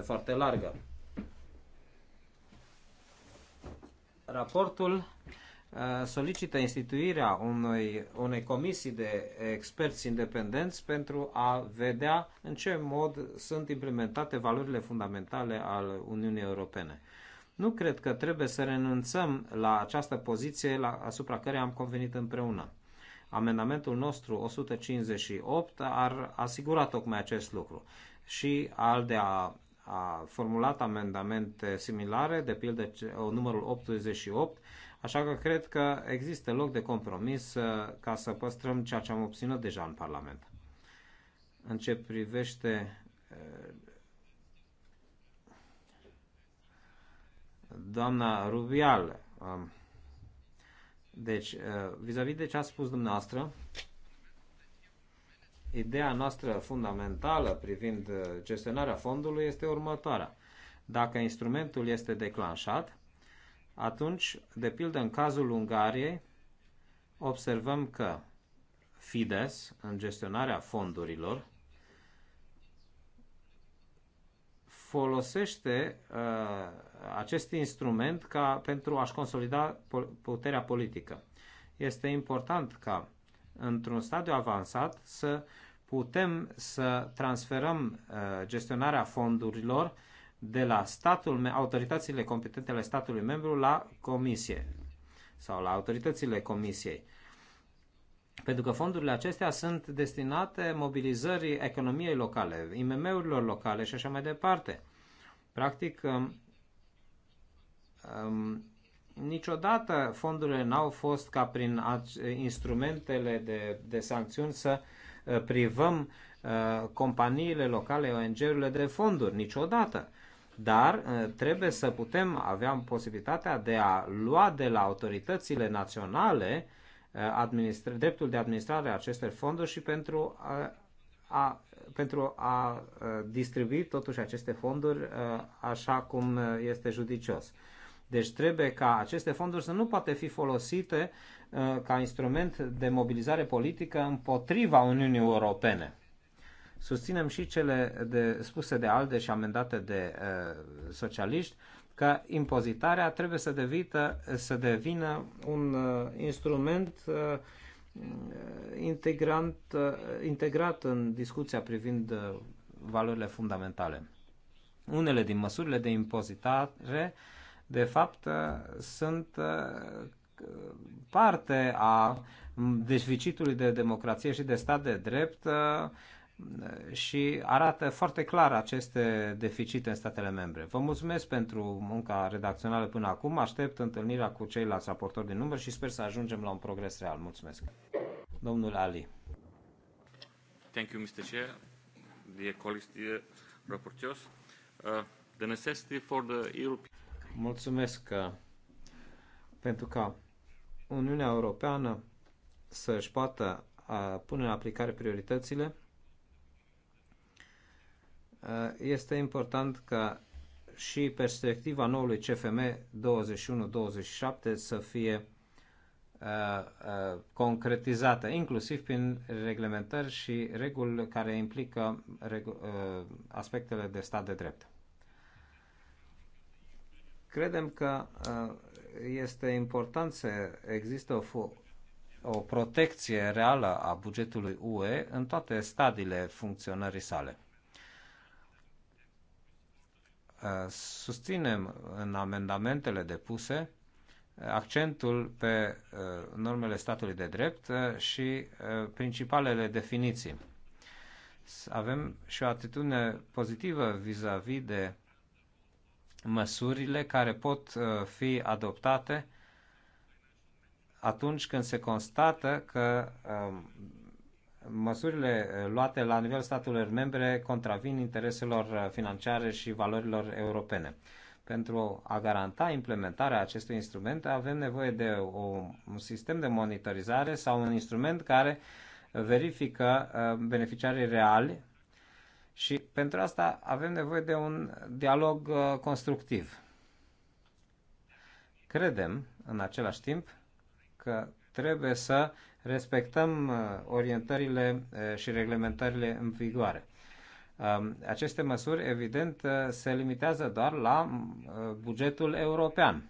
foarte, foarte largă. Raportul uh, solicită instituirea unui, unei comisii de experți independenți pentru a vedea în ce mod sunt implementate valorile fundamentale ale Uniunii Europene. Nu cred că trebuie să renunțăm la această poziție la, asupra care am convenit împreună. Amendamentul nostru 158 ar asigura tocmai acest lucru și al de a a formulat amendamente similare, de pildă numărul 88, așa că cred că există loc de compromis uh, ca să păstrăm ceea ce am obținut deja în Parlament. În ce privește uh, doamna Rubial, um, deci uh, vis-a-vis -vis de ce a spus dumneavoastră, ideea noastră fundamentală privind uh, gestionarea fondului este următoarea. Dacă instrumentul este declanșat, atunci, de pildă, în cazul Ungariei, observăm că Fides, în gestionarea fondurilor, folosește uh, acest instrument ca pentru a-și consolida puterea politică. Este important ca într-un stadiu avansat să putem să transferăm uh, gestionarea fondurilor de la statul, autoritățile competente ale statului membru la comisie sau la autoritățile comisiei. Pentru că fondurile acestea sunt destinate mobilizării economiei locale, IMM-urilor locale și așa mai departe. Practic, um, um niciodată fondurile n-au fost ca prin instrumentele de, de sancțiuni să uh, privăm uh, companiile locale, ONG-urile de fonduri, niciodată. Dar uh, trebuie să putem avea posibilitatea de a lua de la autoritățile naționale dreptul de administrare a acestor fonduri și pentru a, a, pentru a distribui totuși aceste fonduri așa cum este judicios. Deci trebuie ca aceste fonduri să nu poate fi folosite uh, ca instrument de mobilizare politică împotriva Uniunii Europene. Susținem și cele de, spuse de ALDE și amendate de uh, socialiști că impozitarea trebuie să, devită, să devină un uh, instrument uh, integrant, uh, integrat în discuția privind uh, valorile fundamentale. Unele din măsurile de impozitare uh, de fapt, ă, sunt ă, parte a deficitului de democrație și de stat de drept ă, și arată foarte clar aceste deficite în statele membre. Vă mulțumesc pentru munca redacțională până acum, aștept întâlnirea cu ceilalți raportori din număr și sper să ajungem la un progres real. Mulțumesc. Domnul Ali. Thank you, Mr. Chair, dear colleagues, dear rapporteurs. Uh, the necessity for the European Mulțumesc uh, pentru ca Uniunea Europeană să își poată uh, pune în aplicare prioritățile. Uh, este important ca și perspectiva noului CFM 21-27 să fie concretizată, inclusiv prin reglementări și reguli care implică aspectele de stat de drept. Credem că uh, este important să existe o, o protecție reală a bugetului UE în toate stadiile funcționării sale. Uh, susținem în amendamentele depuse uh, accentul pe normele statului de drept și principalele definiții. Avem și o atitudine pozitivă vis-a-vis -vis de măsurile care pot uh, fi adoptate atunci când se constată că um, măsurile uh, luate la nivel statelor membre contravin intereselor uh, financiare și valorilor europene. Pentru a garanta implementarea acestui instrument avem nevoie de o, un sistem de monitorizare sau un instrument care verifică beneficiarii reali și pentru asta avem nevoie de un dialog uh, constructiv. Credem, în același timp, că trebuie să respectăm uh, orientările uh, și reglementările în vigoare. Um, aceste măsuri, evident, se limitează doar la bugetul european.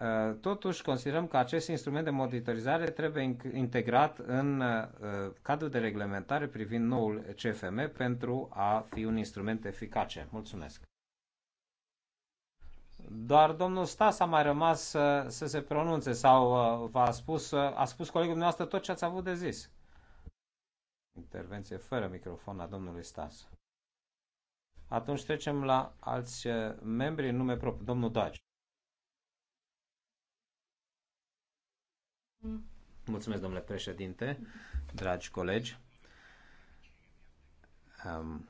Uh, totuși, considerăm că acest instrument de monitorizare trebuie integrat în uh, cadrul de reglementare privind noul CFM pentru a fi un instrument eficace. Mulțumesc! Doar domnul Stas a mai rămas să, să se pronunțe sau uh, v-a spus, a spus colegul dumneavoastră tot ce ați avut de zis. Intervenție fără microfon la domnului Stas. Atunci trecem la alți membri în nume propriu. Domnul Daci. Mulțumesc, domnule președinte, dragi colegi. Um,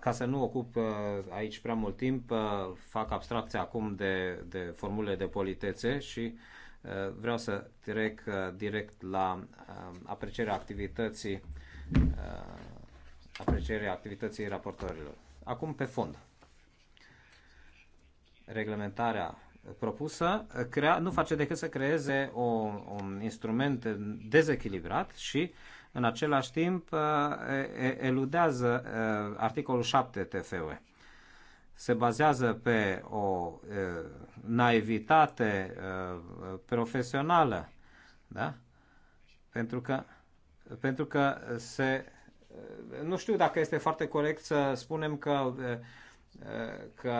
ca să nu ocup uh, aici prea mult timp, uh, fac abstracție acum de, de formule de politețe și vreau să trec direct la aprecierea activității aprecierea activității raportorilor. Acum pe fond. Reglementarea propusă crea, nu face decât să creeze o, un instrument dezechilibrat și în același timp uh, eludează uh, articolul 7 TFUE. Se bazează pe o uh, naivitate profesională, da? pentru că, pentru că se, nu știu dacă este foarte corect să spunem că, că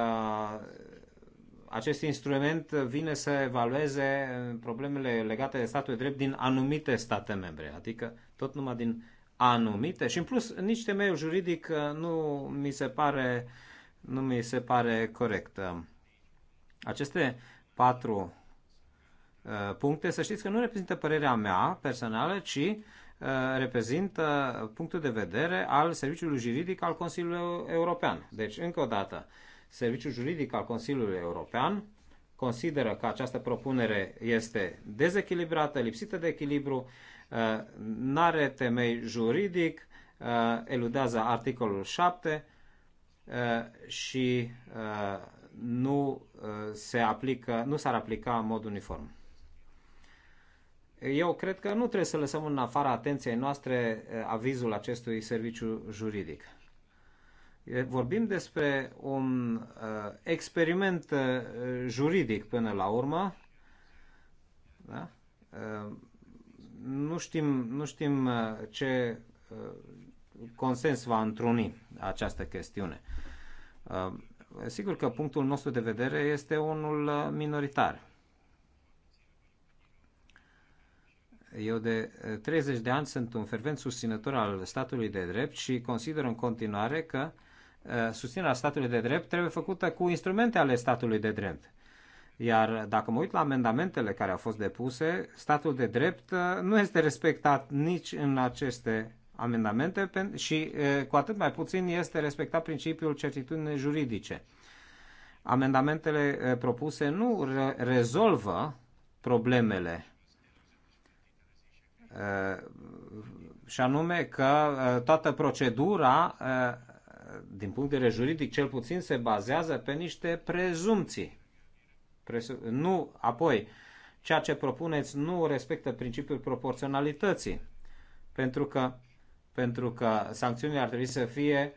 acest instrument vine să evalueze problemele legate de statul de drept din anumite state membre, adică tot numai din anumite și în plus nici temeiul juridic uh, nu mi se pare, nu mi se pare corect. Uh, aceste patru uh, puncte, să știți că nu reprezintă părerea mea personală, ci reprezintă punctul de vedere al Serviciului Juridic al Consiliului European. Deci, încă o dată, Serviciul Juridic al Consiliului European consideră că această propunere este dezechilibrată, lipsită de echilibru, uh, nu are temei juridic, uh, eludează articolul 7 uh, și nu se aplică, nu s-ar aplica în mod uniform. Eu cred că nu trebuie să lăsăm în afara atenției noastre avizul acestui serviciu juridic. Vorbim despre un uh, experiment uh, juridic până la urmă. Da? Uh, nu știm, nu știm uh, ce uh, consens va întruni această chestiune. Uh, sigur că punctul nostru de vedere este unul uh, minoritar. Eu de 30 uh, de ani sunt un fervent susținător al statului de drept și consider în continuare că uh, Eh, susținerea statului de drept trebuie făcută cu instrumente ale statului de drept. Iar dacă mă uit la amendamentele care au fost depuse, statul de drept eh, nu este respectat nici în aceste amendamente și eh, cu atât mai puțin este respectat principiul certitudine juridice. Amendamentele propuse nu re rezolvă problemele și anume că toată procedura din punct de vedere juridic, cel puțin se bazează pe niște prezumții. Presu- nu, apoi, ceea ce propuneți nu respectă principiul proporționalității, pentru că, pentru că sancțiunile ar trebui să fie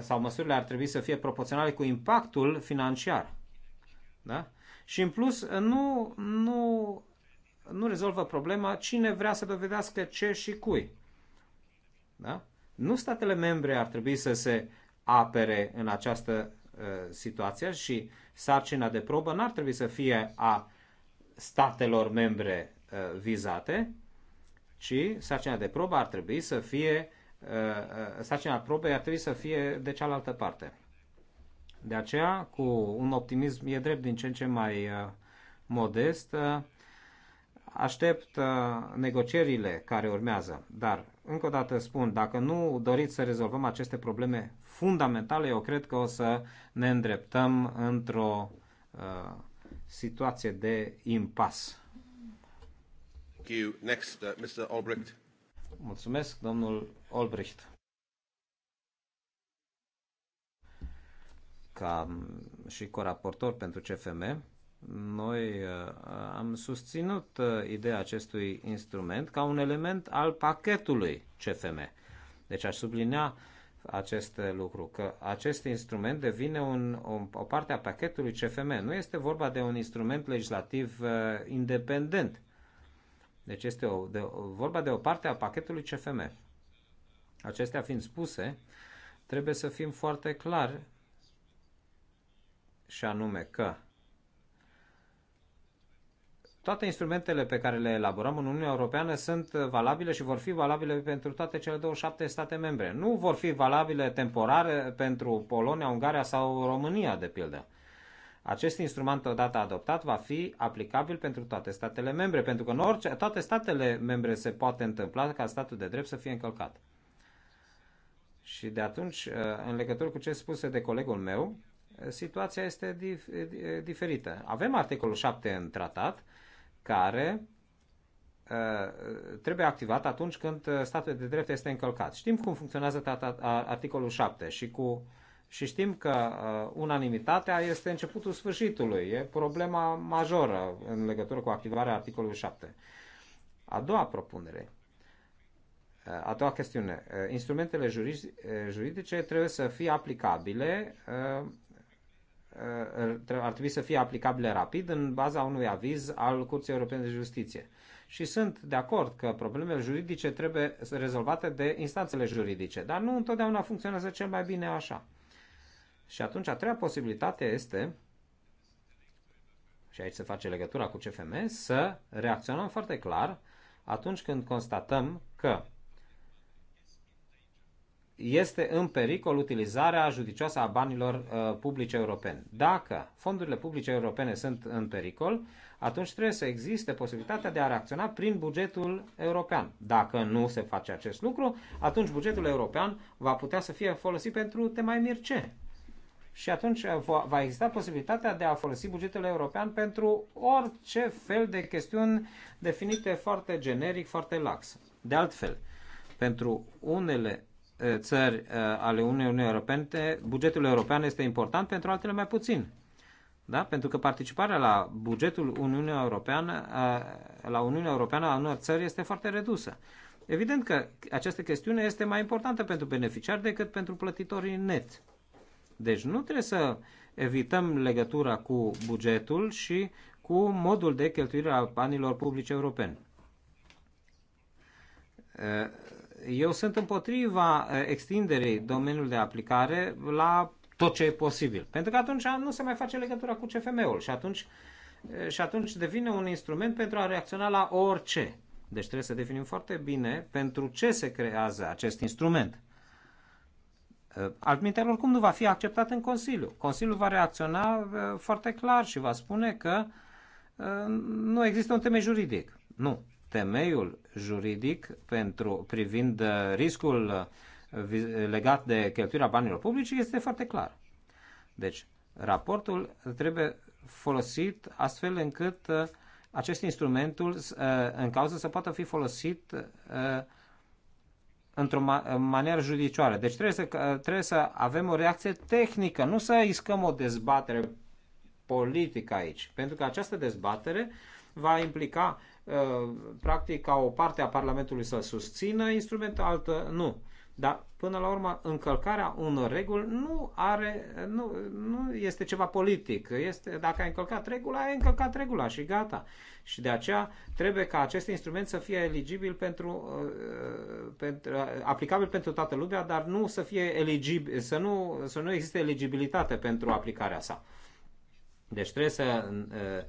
sau măsurile ar trebui să fie proporționale cu impactul financiar. Da? Și în plus, nu, nu, nu rezolvă problema cine vrea să dovedească ce și cui. Da? Nu statele membre ar trebui să se apere în această uh, situație și sarcina de probă n-ar trebui să fie a statelor membre uh, vizate, ci sarcina de probă ar trebui să fie uh, uh sarcina probei ar trebui să fie de cealaltă parte. De aceea, cu un optimism, e drept din ce în ce mai uh, modest, uh, aștept uh, negocierile care urmează, dar încă o dată spun, dacă nu doriți să rezolvăm aceste probleme fundamentale, eu cred că o să ne îndreptăm într-o uh, situație de impas. Thank you. Next, uh, Mr. Albrecht. Mulțumesc, domnul Olbricht. Ca și coraportor pentru CFM, noi uh, am susținut uh, ideea acestui instrument ca un element al pachetului CFM. Deci aș sublinea acest lucru, că acest instrument devine un, o, o parte a pachetului CFM. Nu este vorba de un instrument legislativ uh, independent. Deci este o, de, o, vorba de o parte a pachetului CFM. Acestea fiind spuse, trebuie să fim foarte clari și anume că toate instrumentele pe care le elaborăm în Uniunea Europeană sunt valabile și vor fi valabile pentru toate cele 27 state membre. Nu vor fi valabile temporare pentru Polonia, Ungaria sau România, de pildă. Acest instrument, odată adoptat, va fi aplicabil pentru toate statele membre, pentru că în orice, toate statele membre se poate întâmpla ca statul de drept să fie încălcat. Și de atunci, în legătură cu ce spuse de colegul meu, situația este dif- diferită. Avem articolul 7 în tratat, care uh, trebuie activat atunci când uh, statul de drept este încălcat. Știm cum funcționează articolul 7 și, cu, și știm că uh, unanimitatea este începutul sfârșitului, e problema majoră în legătură cu activarea articolului 7. A doua propunere, a doua chestiune, instrumentele juridice trebuie să fie aplicabile Uh, uh, ar trebui să fie aplicabile rapid în baza unui aviz al Curții Europene de Justiție. Și sunt de acord că problemele juridice trebuie rezolvate de instanțele juridice, dar nu întotdeauna funcționează cel mai bine așa. Și atunci a treia posibilitate este, și aici se face legătura cu CFM, să reacționăm foarte clar atunci când constatăm că este în pericol utilizarea judicioasă a banilor uh, publice europeni. Dacă fondurile publice europene sunt în pericol, atunci trebuie să existe posibilitatea de a reacționa prin bugetul european. Dacă nu se face acest lucru, atunci bugetul european va putea să fie folosit pentru temai mirce. Și atunci uh, va exista posibilitatea de a folosi bugetul european pentru orice fel de chestiuni definite foarte generic, foarte lax. De altfel, pentru unele Eh, țări eh, ale Uniunii Europene, bugetul european este important, pentru altele mai puțin. Da? Pentru că participarea la bugetul Uniunii Europeană, eh, la Uniunea Europeană a unor țări este foarte redusă. Evident că această chestiune este mai importantă pentru beneficiari decât pentru plătitorii net. Deci nu trebuie să evităm legătura cu bugetul și cu modul de cheltuire a banilor publice europeni eu sunt împotriva eh, extinderii domeniului de aplicare la tot ce e posibil. Pentru că atunci nu se mai face legătura cu CFM-ul și atunci, eh, și atunci devine un instrument pentru a reacționa la orice. Deci trebuie să definim foarte bine pentru ce se creează acest instrument. Eh, Altmintele oricum nu va fi acceptat în Consiliu. Consiliul va reacționa foarte clar și va spune că nu există un temei juridic. Nu temeiul juridic pentru, privind riscul uh, legat de cheltuirea banilor publici este foarte clar. Deci, raportul trebuie folosit astfel încât uh, acest instrumentul uh, în cauză să poată fi folosit într-o manieră judicioară. Deci trebuie să, trebuie să avem o reacție tehnică, nu să iscăm o dezbatere politică aici, pentru că această dezbatere va implica Uh, practic ca o parte a Parlamentului să susțină instrumentul, altă nu. Dar, până la urmă, încălcarea unor reguli nu are, nu, nu este ceva politic. Este, dacă ai încălcat regula, ai încălcat regula și gata. Și de aceea trebuie ca acest instrument să fie eligibil pentru, uh, pentru aplicabil pentru toată lumea, dar nu să fie eligibil, să nu, să nu existe eligibilitate pentru aplicarea sa. Deci trebuie să uh,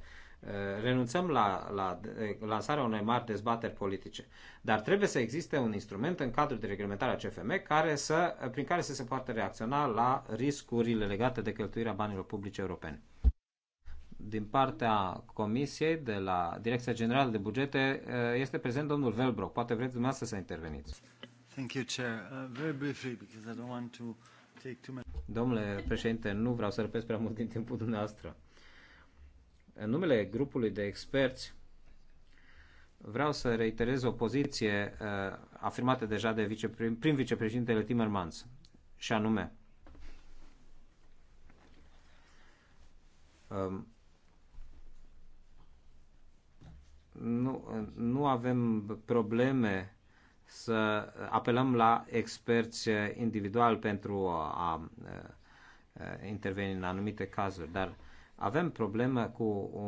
renunțăm la, la lansarea unei mari dezbateri politice. Dar trebuie să existe un instrument în cadrul de reglementare a CFM care să, prin care să se poată reacționa la riscurile legate de cheltuirea banilor publice europene. Din partea Comisiei, de la Direcția Generală de Bugete, este prezent domnul Velbro. Poate vreți dumneavoastră să interveniți. Thank you, Chair. Uh, very briefly, because I don't want to take too much... Domnule președinte, nu vreau să răpesc prea mult din timpul dumneavoastră în numele grupului de experți, vreau să reiterez o poziție uh, afirmată deja de viceprim, prim vicepreședintele Timmermans, și anume um, nu, nu avem probleme să apelăm la experți individual pentru a, a interveni în anumite cazuri, dar avem probleme cu o,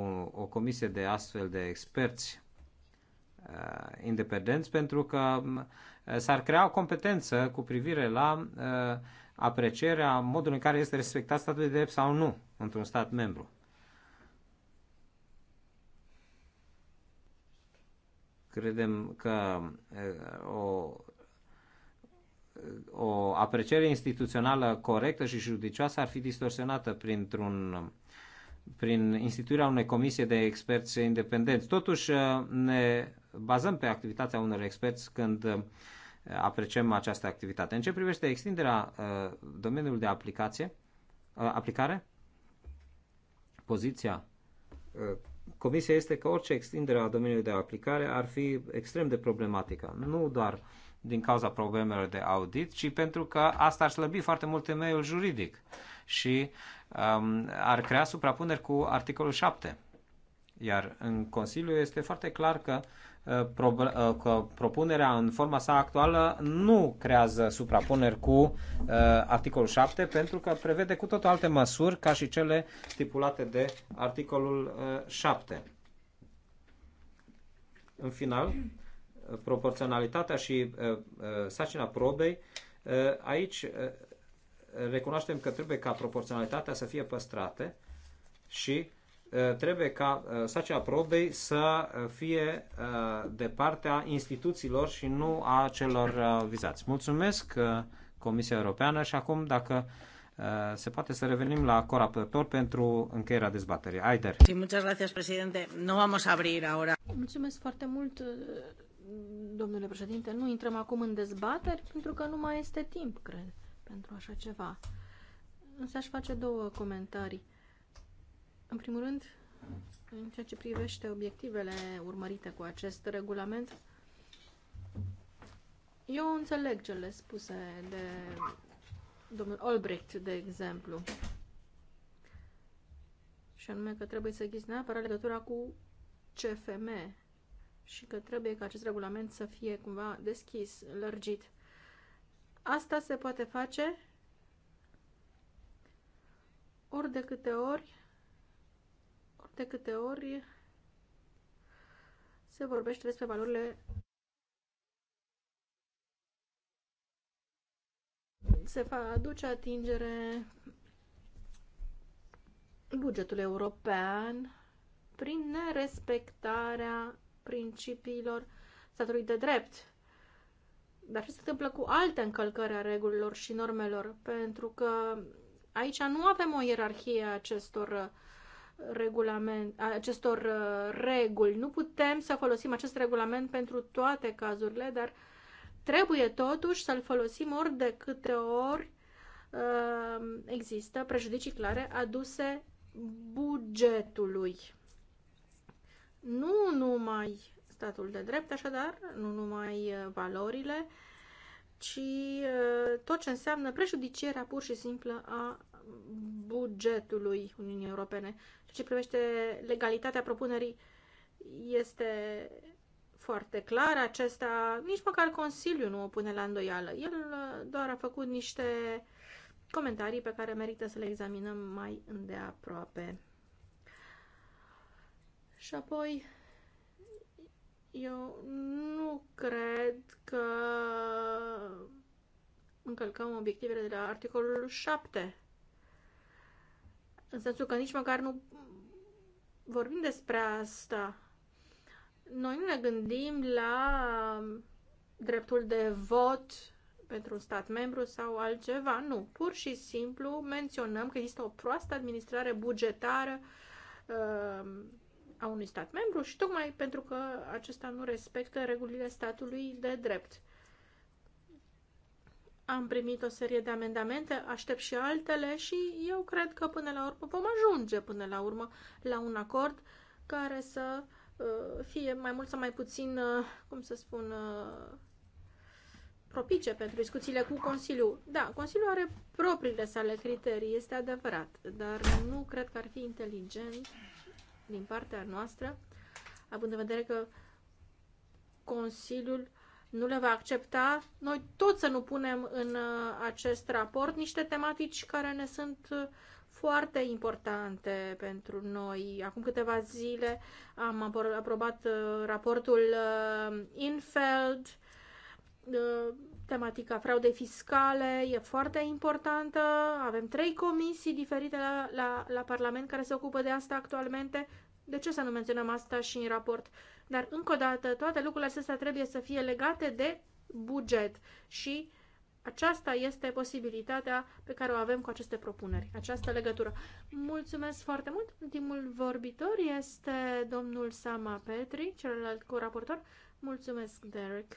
o comisie de astfel de experți uh, independenți pentru că uh, s-ar crea o competență cu privire la uh, aprecierea modului în care este respectat statul de drept sau nu într-un stat membru. Credem că uh, o o apreciere instituțională corectă și judicioasă ar fi distorsionată printr-un prin instituirea unei comisie de experți independenți. Totuși uh, ne bazăm pe activitatea unor experți când uh, apreciem această activitate. În ce privește extinderea uh, domeniului de aplicație, aplicare, poziția Comisia este că orice extindere a domeniului de aplicare ar fi extrem de problematică. Nu doar uh, din cauza problemelor de audit, ci pentru că asta ar slăbi foarte mult temeiul juridic și um, ar crea suprapuneri cu articolul 7. Iar în Consiliu este foarte clar că, uh, uh, că propunerea în forma sa actuală nu creează suprapuneri cu uh, articolul 7 pentru că prevede cu totul alte măsuri ca și cele stipulate de articolul uh, 7. În final, proporționalitatea și uh, uh, sacina probei, uh, aici recunoaștem că trebuie ca proporționalitatea să fie păstrate și trebuie ca sacea probei să fie de partea instituțiilor și nu a celor vizați. Mulțumesc Comisia Europeană și acum dacă se poate să revenim la corapător pentru încheierea dezbaterii. Aider. Sí, muchas gracias, presidente. No vamos a abrir ahora. Mulțumesc foarte mult. Domnule președinte, nu intrăm acum în dezbateri pentru că nu mai este timp, cred, pentru așa ceva. Însă aș face două comentarii. În primul rând, în ceea ce privește obiectivele urmărite cu acest regulament, eu înțeleg cele spuse de domnul Olbrecht, de exemplu, și anume că trebuie să ghiți neapărat legătura cu CFM, și că trebuie ca acest regulament să fie cumva deschis, lărgit. Asta se poate face ori de câte ori, ori de câte ori se vorbește despre valorile se va aduce atingere bugetul european prin nerespectarea principiilor statului de drept. Dar ce se întâmplă cu alte încălcări a regulilor și normelor? Pentru că aici nu avem o ierarhie a acestor uh, regulament, a acestor uh, reguli. Nu putem să folosim acest regulament pentru toate cazurile, dar trebuie totuși să-l folosim ori de câte ori uh, există prejudicii clare aduse bugetului nu numai statul de drept, așadar, nu numai uh, valorile, ci uh, tot ce înseamnă prejudicierea pur și simplă a bugetului Uniunii Europene. Ce privește legalitatea propunerii, este foarte clar acesta, nici măcar Consiliul nu o pune la îndoială. El uh, doar a făcut niște comentarii pe care merită să le examinăm mai îndeaproape. Și apoi, eu nu cred că încălcăm obiectivele de la articolul 7. În sensul că nici măcar nu vorbim despre asta. Noi nu ne gândim la dreptul de vot pentru un stat membru sau altceva, nu. Pur și simplu menționăm că există o proastă administrare bugetară uh, a unui stat membru și tocmai pentru că acesta nu respectă regulile statului de drept. Am primit o serie de amendamente, aștept și altele și eu cred că până la urmă vom ajunge până la urmă la un acord care să uh, fie mai mult sau mai puțin, uh, cum să spun, uh, propice pentru discuțiile cu Consiliul. Da, Consiliul are propriile sale criterii, este adevărat, dar nu cred că ar fi inteligent din partea noastră, având în vedere că Consiliul nu le va accepta, noi tot să nu punem în uh, acest raport niște tematici care ne sunt uh, foarte importante pentru noi. Acum câteva zile am aprobat uh, raportul Infeld, Tematica fraudei fiscale e foarte importantă. Avem trei comisii diferite la, la, la Parlament care se ocupă de asta actualmente. De ce să nu menționăm asta și în raport? Dar, încă o dată, toate lucrurile acestea trebuie să fie legate de buget și aceasta este posibilitatea pe care o avem cu aceste propuneri, această legătură. Mulțumesc foarte mult! Ultimul vorbitor este domnul Sama Petri, celălalt co-raportor. Mulțumesc, Derek!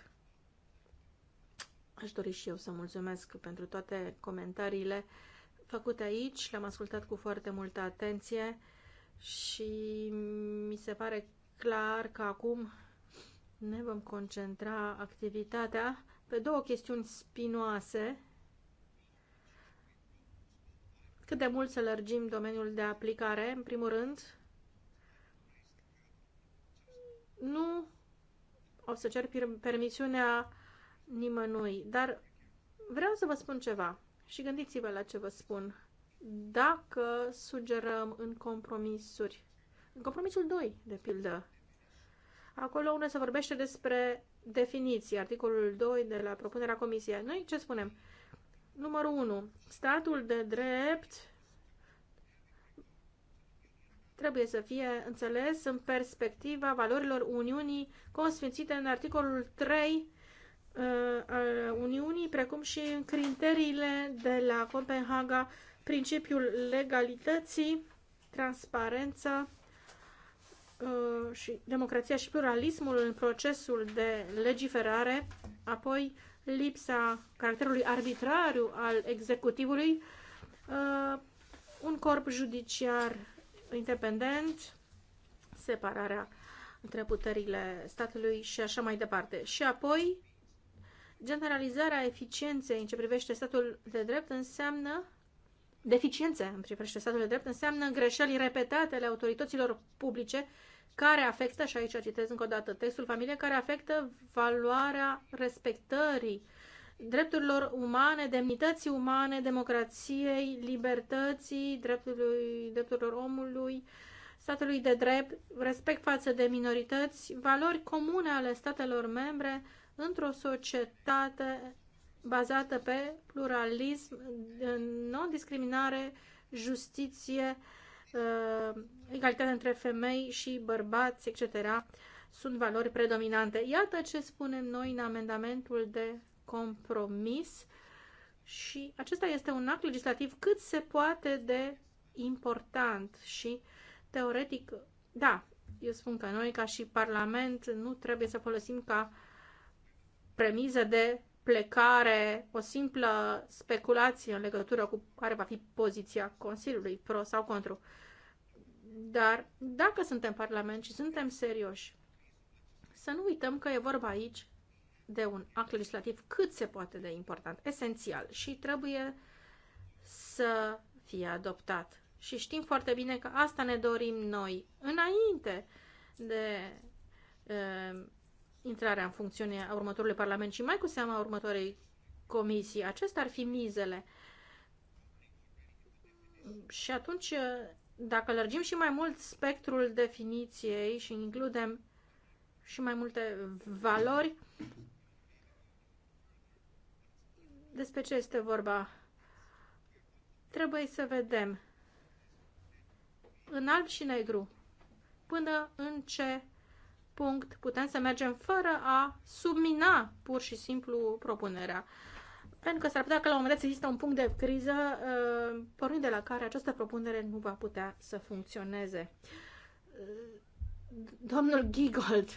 Aș dori și eu să mulțumesc pentru toate comentariile făcute aici. Le-am ascultat cu foarte multă atenție și mi se pare clar că acum ne vom concentra activitatea pe două chestiuni spinoase. Cât de mult să lărgim domeniul de aplicare, în primul rând, nu o să cer permisiunea nimănui. Dar vreau să vă spun ceva și gândiți-vă la ce vă spun. Dacă sugerăm în compromisuri, în compromisul 2, de pildă, acolo unde se vorbește despre definiții, articolul 2 de la propunerea comisiei, noi ce spunem? Numărul 1. Statul de drept trebuie să fie înțeles în perspectiva valorilor Uniunii consfințite în articolul 3 Uh, al Uniunii, precum și în criteriile de la Copenhaga, principiul legalității, transparența uh, și democrația și pluralismul în procesul de legiferare, apoi lipsa caracterului arbitrariu al executivului, uh, un corp judiciar independent, separarea între puterile statului și așa mai departe. Și apoi Generalizarea eficienței în ce privește statul de drept înseamnă deficiențe în ce privește statul de drept înseamnă greșeli repetate ale autorităților publice care afectă, și aici citez încă o dată textul familie, care afectă valoarea respectării drepturilor umane, demnității umane, democrației, libertății, dreptului, drepturilor omului, statului de drept, respect față de minorități, valori comune ale statelor membre, într-o societate bazată pe pluralism, non-discriminare, justiție, uh, egalitate între femei și bărbați, etc. sunt valori predominante. Iată ce spunem noi în amendamentul de compromis și acesta este un act legislativ cât se poate de important și teoretic, da, eu spun că noi ca și Parlament nu trebuie să folosim ca uh, premiză de plecare, o simplă speculație în legătură cu care va fi poziția Consiliului, pro sau contru. Dar dacă suntem Parlament și suntem serioși, să nu uităm că e vorba aici de un act legislativ cât se poate de important, esențial și trebuie să fie adoptat. Și știm foarte bine că asta ne dorim noi, înainte de eh, intrarea în funcțiune a următorului Parlament și mai cu seama a următoarei comisii. Acestea ar fi mizele. Și atunci, dacă lărgim și mai mult spectrul definiției și includem și mai multe valori, despre ce este vorba? Trebuie să vedem în alb și negru până în ce punct putem să mergem fără a submina pur și simplu propunerea. Pentru că s-ar putea că la un moment dat există un punct de criză uh, pornind de la care această propunere nu va putea să funcționeze. Uh, domnul Gigold,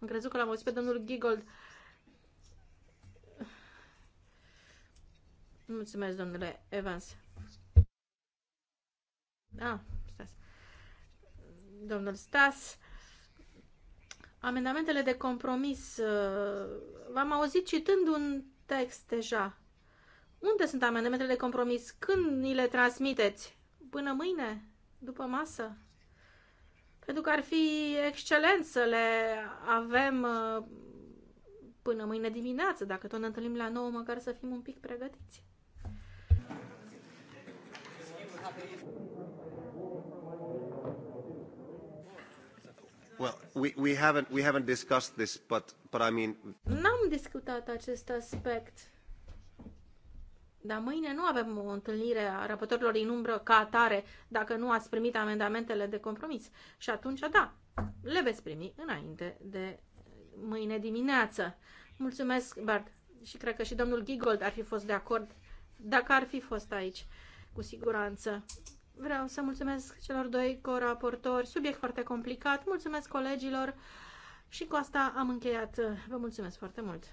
am crezut că l-am auzit pe domnul Gigold. Mulțumesc, domnule Evans. Ah, Stas. Domnul Stas amendamentele de compromis. Uh, v-am auzit citând un text deja. Unde sunt amendamentele de compromis? Când ni le transmiteți? Până mâine? După masă? Pentru că ar fi excelent să le avem uh, până mâine dimineață, dacă tot ne întâlnim la nouă, măcar să fim un pic pregătiți. Well, we, we haven't, we haven't discussed this, but, but I mean... N-am discutat acest aspect. Dar mâine nu avem o întâlnire a raportorilor din umbră ca atare dacă nu ați primit amendamentele de compromis. Și atunci, da, le veți primi înainte de mâine dimineață. Mulțumesc, Bart. Și cred că și domnul Gigold ar fi fost de acord dacă ar fi fost aici, cu siguranță. Vreau să mulțumesc celor doi coraportori, subiect foarte complicat. Mulțumesc colegilor și cu asta am încheiat. Vă mulțumesc foarte mult!